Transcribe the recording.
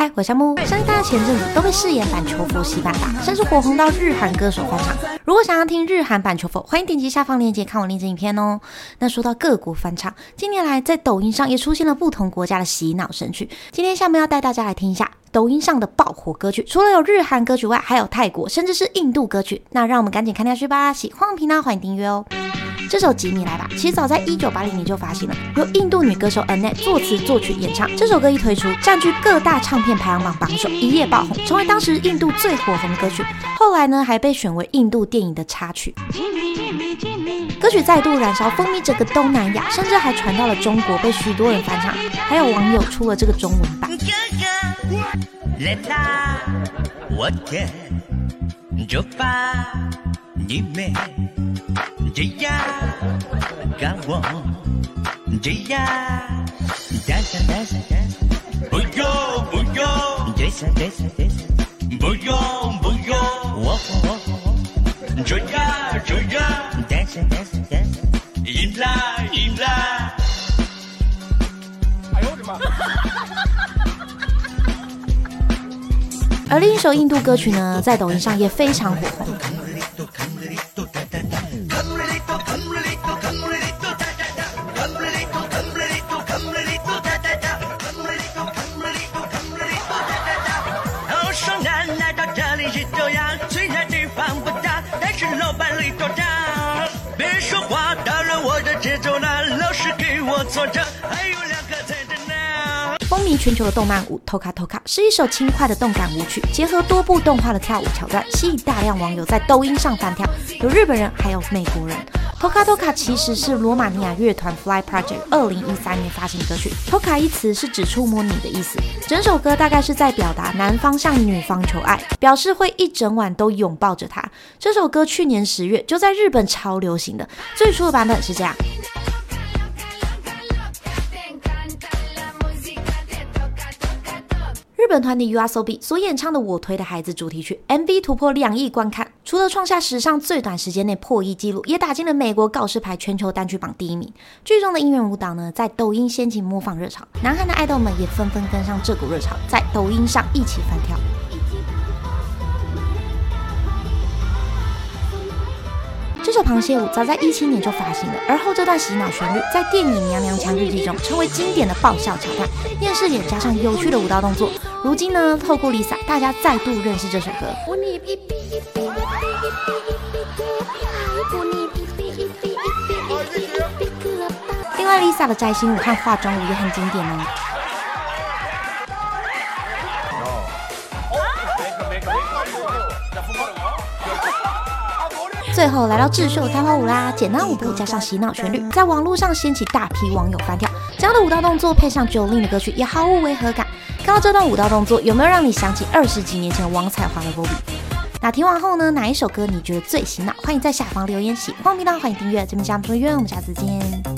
嗨，我是夏慕，相信大家前陣子都被《戲腔版求佛》洗版吧，甚至火紅到日韓歌手翻唱。如果想要聽日韓版求佛，歡迎點擊下方鏈接看我另一支影片哦。那說到各國翻唱，近年來在抖音上也出現了不同國家的洗腦神曲。今天夏慕要帶大家來聽一下抖音上的爆火歌曲，除了有日韓歌曲外，還有泰國，甚至是印度歌曲。那讓我們趕緊看下去吧。喜歡的頻道歡迎訂閱哦。這首《吉米》來吧，其實早在一九八零年就發行了，由印度女歌手 Annette 作詞作曲演唱。這首歌一推出，佔據各大唱片排行榜榜首，一夜爆紅，成為當時印度最火紅歌曲。後來呢，還被選為印度電影的插曲。歌曲再度燃燒，風靡整個東南亞，甚至還傳到了中國，被許多人翻唱。還有網友出了這個中文版。哥哥我天我，dancing dancing 不用不用 dancing dancing 不用不用我 dancing dancing，哎呦我的媽！而另一首印度歌曲呢，在抖音上也非常火紅。到這裡也這樣，雖然地方不大，但是老闆力道大。別說話，打擾我的節奏了，老師給我坐着。全球的動漫舞《Toka Toka》是一首輕快的動感舞曲，結合多部動畫的跳舞橋段，吸引大量網友在抖音上翻跳，有日本人，還有美國人。《Toka Toka》其實是羅馬尼亞樂團 Fly Project 二零一三年發行歌曲。《Toka》一詞是指觸摸你的意思，整首歌大概是在表達男方向女方求愛，表示會一整晚都擁抱着她。這首歌去年十月就在日本超流行的，最初的版本是這樣。日本團體 YOASOBI 所演唱的《我推的孩子》主題曲 MV 突破兩億觀看，除了創下史上最短時間內破億記錄，也打進了美國告示牌全球單曲榜第一名。劇中的音樂舞蹈呢，在抖音掀起模仿熱潮，南韓的愛豆們也紛紛跟上這股熱潮，在抖音上一起翻跳。這個、螃蟹舞早在一七年就發行了，而後這段洗腦旋律在電影《娘娘腔日記》中成為經典的爆笑橋段，厭世臉加上有趣的舞蹈動作。如今呢，透過 Lisa，大家再度認識這首歌。另外，Lisa 的摘星舞和化妝舞也很經典哦。最後來到智秀的開花舞啦，簡單舞步加上洗腦旋律，在網絡上掀起大批網友翻跳。這樣的舞蹈動作配上 Jolin 的歌曲，也毫無違和感。看到這段舞蹈動作，有沒有讓你想起二十幾年前王彩樺的《保庇》？那聽完後呢，哪一首歌你覺得最洗腦？歡迎在下方留言。喜歡頻道，歡迎訂閱。這邊節目做完，我們下次見。